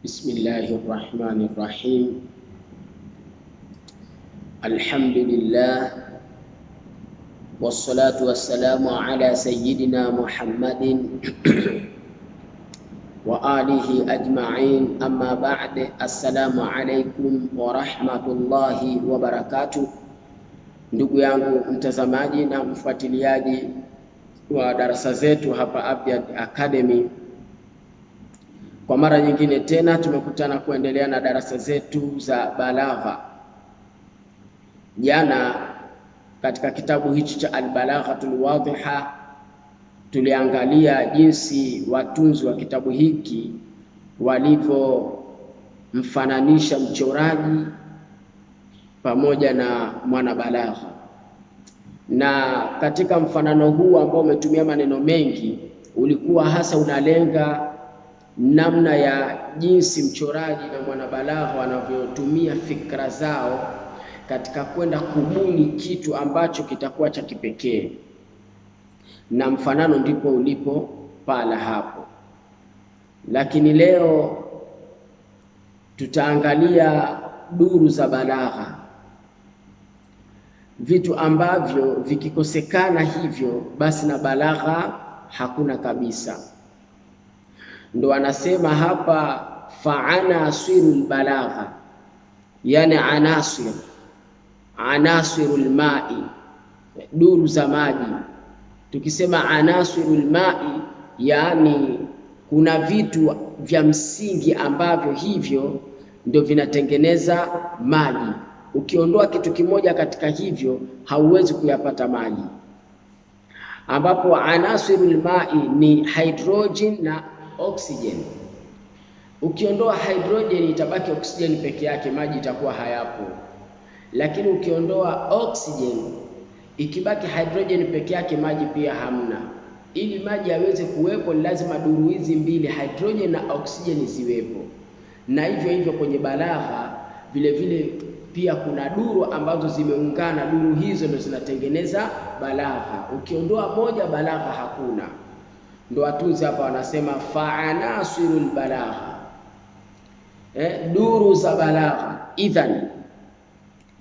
بسم الله الرحمن الرحيم الحمد لله والصلاة والسلام على سيدنا محمد وآله أجمعين أما بعد السلام عليكم ورحمة الله وبركاته ndugu yangu mtazamaji na mfuatiliaji wa darasa zetu hapa Abdiad Academy Kwa mara nyingine tena tumekutana kuendelea na darasa zetu za balagha. Jana katika kitabu hichi cha albalagha tuliwadhiha tuliangalia jinsi watunzi wa kitabu hiki walivyomfananisha mchoraji pamoja na mwanabalagha, na katika mfanano huu ambao umetumia maneno mengi ulikuwa hasa unalenga namna ya jinsi mchoraji na mwanabalagha wanavyotumia fikra zao katika kwenda kubuni kitu ambacho kitakuwa cha kipekee, na mfanano ndipo ulipo pala hapo. Lakini leo tutaangalia duru za balagha, vitu ambavyo vikikosekana hivyo basi na balagha hakuna kabisa ndo anasema hapa faanasiru lbalagha, yani anasir anasiru lmai, duru za maji. Tukisema anasiru lmai, yani kuna vitu vya msingi ambavyo hivyo ndio vinatengeneza maji. Ukiondoa kitu kimoja katika hivyo hauwezi kuyapata maji, ambapo anasiru lmai ni hydrogen na oxygen. Ukiondoa hydrogen itabaki oksijeni peke yake, maji itakuwa hayapo. Lakini ukiondoa oxygen ikibaki hydrogen peke yake, maji pia hamna. Ili maji yaweze kuwepo, ni lazima duru hizi mbili, hydrogen na oxygen, ziwepo. Na hivyo hivyo kwenye balagha vile vile pia kuna duru ambazo zimeungana, duru hizo ndo zinatengeneza balagha. Ukiondoa moja, balagha hakuna ndo watunzi hapa wanasema faanasirul balagha eh, duru za balagha. Idhan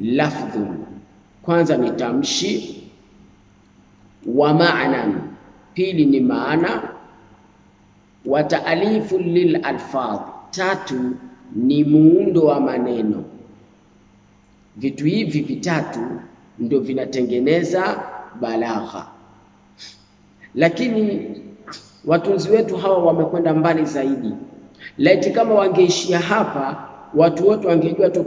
lafdhu kwanza ni tamshi wa maanan, pili ni maana wa taalifu lil tatu ni muundo wa maneno. Vitu hivi vitatu ndio vinatengeneza balagha, lakini Watunzi wetu hawa wamekwenda mbali zaidi. Laiti kama wangeishia hapa, watu wote wangejua tu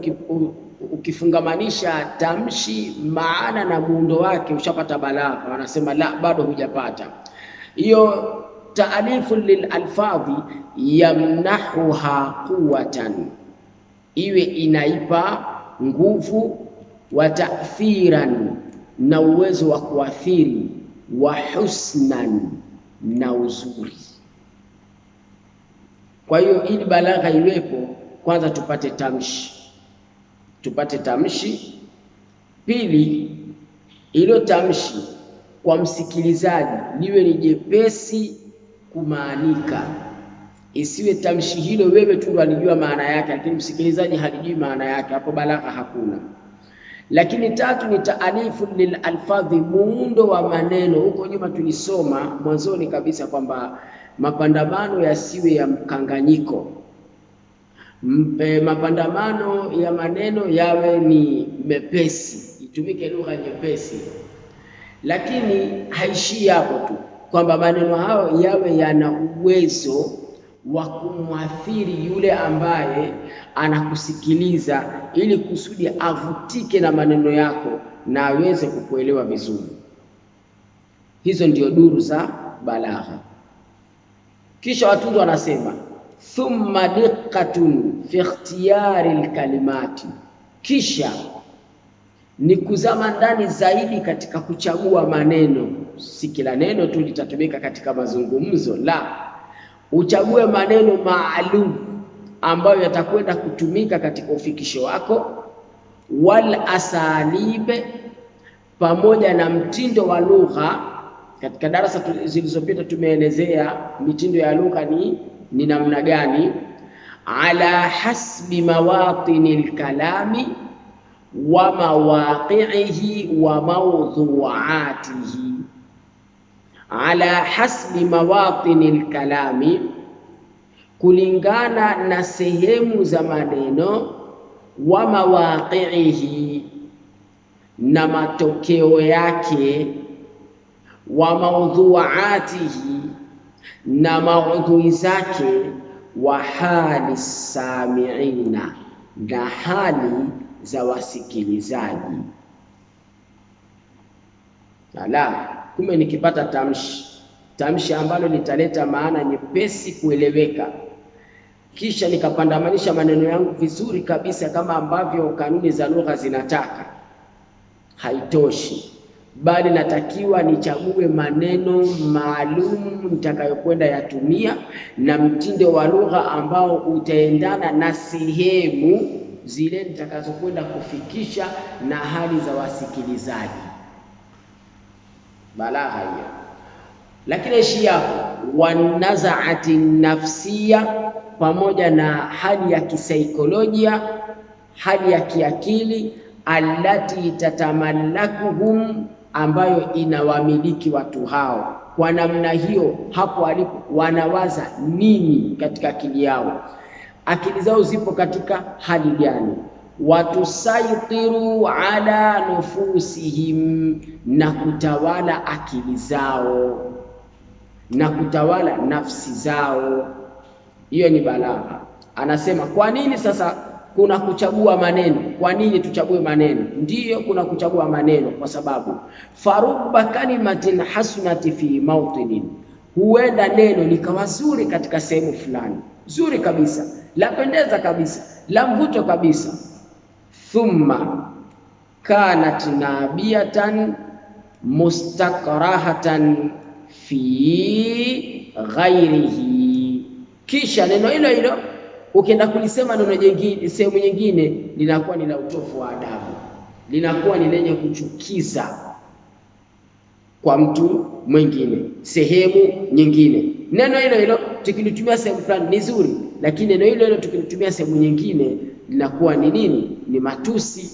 ukifungamanisha tamshi, maana na muundo wake ushapata balagha. Wanasema la, bado hujapata hiyo taalifu lilalfadhi yamnahuha quwatan, iwe inaipa nguvu, wa taathiran, na uwezo wa kuathiri, wa husnan na uzuri. Kwa hiyo ili balagha iwepo, kwanza tupate tamshi, tupate tamshi. Pili, ilo tamshi kwa msikilizaji liwe ni jepesi kumaanika, isiwe tamshi hilo wewe tu alijua maana yake, lakini msikilizaji halijui maana yake, hapo balagha hakuna. Lakini tatu ni taalifu lil alfadhi, muundo wa maneno. Huko nyuma tulisoma mwanzoni kabisa kwamba mapandamano yasiwe ya mkanganyiko. Mpe, mapandamano ya maneno yawe ni mepesi, itumike lugha nyepesi, lakini haishii hapo tu kwamba maneno hayo yawe yana uwezo wa kumwathiri yule ambaye anakusikiliza ili kusudi avutike na maneno yako na aweze kukuelewa vizuri. Hizo ndio duru za balagha. Kisha watunzi wanasema thumma diqqatun fi ikhtiyari lkalimati, kisha ni kuzama ndani zaidi katika kuchagua maneno. Si kila neno tu litatumika katika mazungumzo, la uchague maneno maalum ambayo yatakwenda kutumika katika ufikisho wako, wal asanibe, pamoja na mtindo wa lugha. Katika darasa zilizopita tumeelezea mitindo ya lugha ni ni namna gani, ala hasbi mawatini lkalami wa mawaqi'ihi wa mawdhu'atihi ala hasbi mawatini lkalami, kulingana na sehemu za maneno, wa mawaqi'ihi, na matokeo yake, wa maudhuatihi, na maudhui zake, wa hali samiina, na hali za wasikilizaji ala Kumbe nikipata tamshi tamshi ambalo litaleta maana nyepesi kueleweka, kisha nikapandamanisha maneno yangu vizuri kabisa kama ambavyo kanuni za lugha zinataka, haitoshi bali natakiwa nichague maneno maalum nitakayokwenda yatumia na mtindo wa lugha ambao utaendana na sehemu zile nitakazokwenda kufikisha na hali za wasikilizaji balaa hiyo. Lakini ishi yako wanazaati nafsia, pamoja na hali ya kisaikolojia, hali ya kiakili allati tatamalakuhum, ambayo inawamiliki watu hao kwa namna hiyo. Hapo alipo wanawaza nini katika akili yao? Akili zao zipo katika hali gani? watusaitiru ala nufusihim, na kutawala akili zao na kutawala nafsi zao. Hiyo ni balagha. Anasema kwa nini sasa kuna kuchagua maneno? Kwa nini tuchague maneno? Ndiyo, kuna kuchagua maneno kwa sababu faruba kalimatin hasunati fi mautinin, huenda neno likawa zuri katika sehemu fulani, zuri kabisa, lapendeza kabisa, la mvuto kabisa thumma kanat nabiyatan mustakrahatan fi ghairihi, kisha neno hilo hilo ukienda kulisema neno jingine, sehemu nyingine linakuwa ni la utofu wa adabu, linakuwa ni lenye kuchukiza kwa mtu mwingine, sehemu nyingine. Neno hilo hilo tukilitumia sehemu fulani ni zuri, lakini neno hilo hilo tukilitumia sehemu nyingine linakuwa ni nini? ni matusi.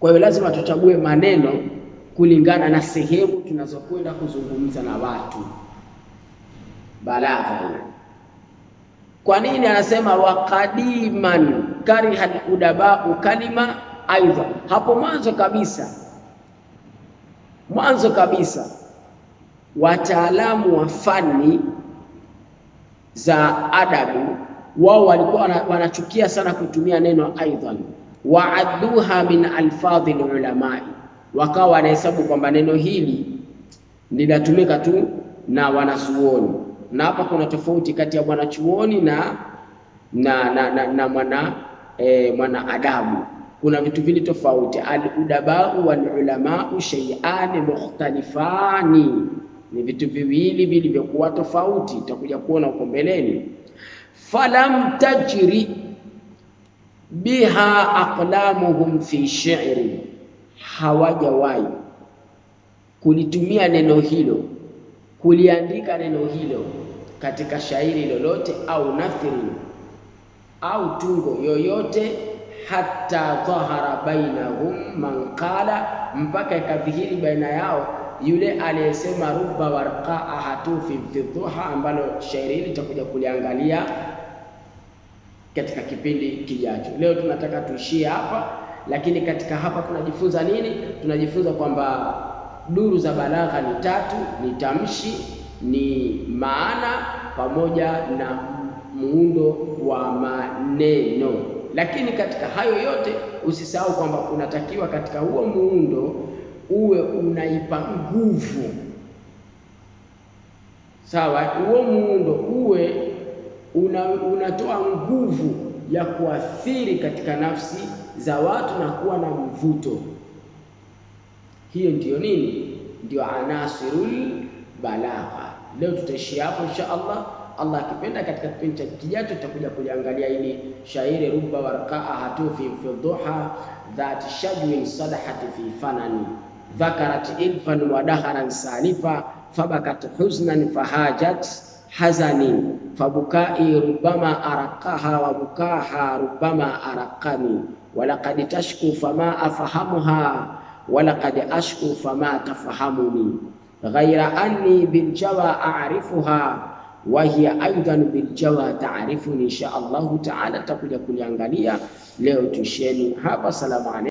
Kwa hiyo lazima tuchague maneno kulingana na sehemu tunazokwenda kuzungumza na watu. Balagha. Kwa nini anasema wakadiman kariha udabau kalima? Aidha, hapo mwanzo kabisa, mwanzo kabisa wataalamu wa fani za adabu wao walikuwa wanachukia sana kutumia neno aidan, waadduha min alfadhi lulamai, wakawa wanahesabu kwamba neno hili linatumika tu na wanasuoni Na hapa kuna tofauti kati ya mwanachuoni na na, na, na, na mwana e, mwana adabu. Kuna vitu vili tofauti, aludabau walulamau shay'an mukhtalifani, ni vitu viwili vilivyokuwa tofauti, utakuja kuona uko mbeleni falam tajri biha aqlamuhum fi shi'ri, hawajawahi kulitumia neno hilo kuliandika neno hilo katika shairi lolote au nathri au tungo yoyote, hata dhahara bainahum man qala, mpaka ikadhihiri baina yao yule aliyesema ruba warqaa hatufi btidhuha, ambalo shairi hili tutakuja kuliangalia katika kipindi kijacho. Leo tunataka tuishie hapa, lakini katika hapa tunajifunza nini? Tunajifunza kwamba duru za balagha ni tatu: ni tamshi, ni maana pamoja na muundo wa maneno. Lakini katika hayo yote usisahau kwamba unatakiwa katika huo muundo uwe unaipa nguvu sawa, huo muundo uwe una, unatoa nguvu ya kuathiri katika nafsi za watu na kuwa na mvuto. Hiyo ndiyo nini? Ndio anasirul balagha. Leo tutaishia hapo insha Allah. Allah akipenda, katika kipindi cha kijacho tutakuja kuliangalia ili shairi ruba warqaa hatufi fi dhuha dhati shajwin sadahati fi fanani dhakarat infan wa daharan salifa fabakat huznan fahajat hazanin fabukai rubama araqaha wa bukaha rubama araqani walaqad tashku fama afahamuha walaqad ashku fama tafahamuni ghaira anni biljawa arifuha wa hiya aidan biljawa taarifuni. Insha Allahu taala tutakuja kuliangalia leo, tuisheni hapa. Salamu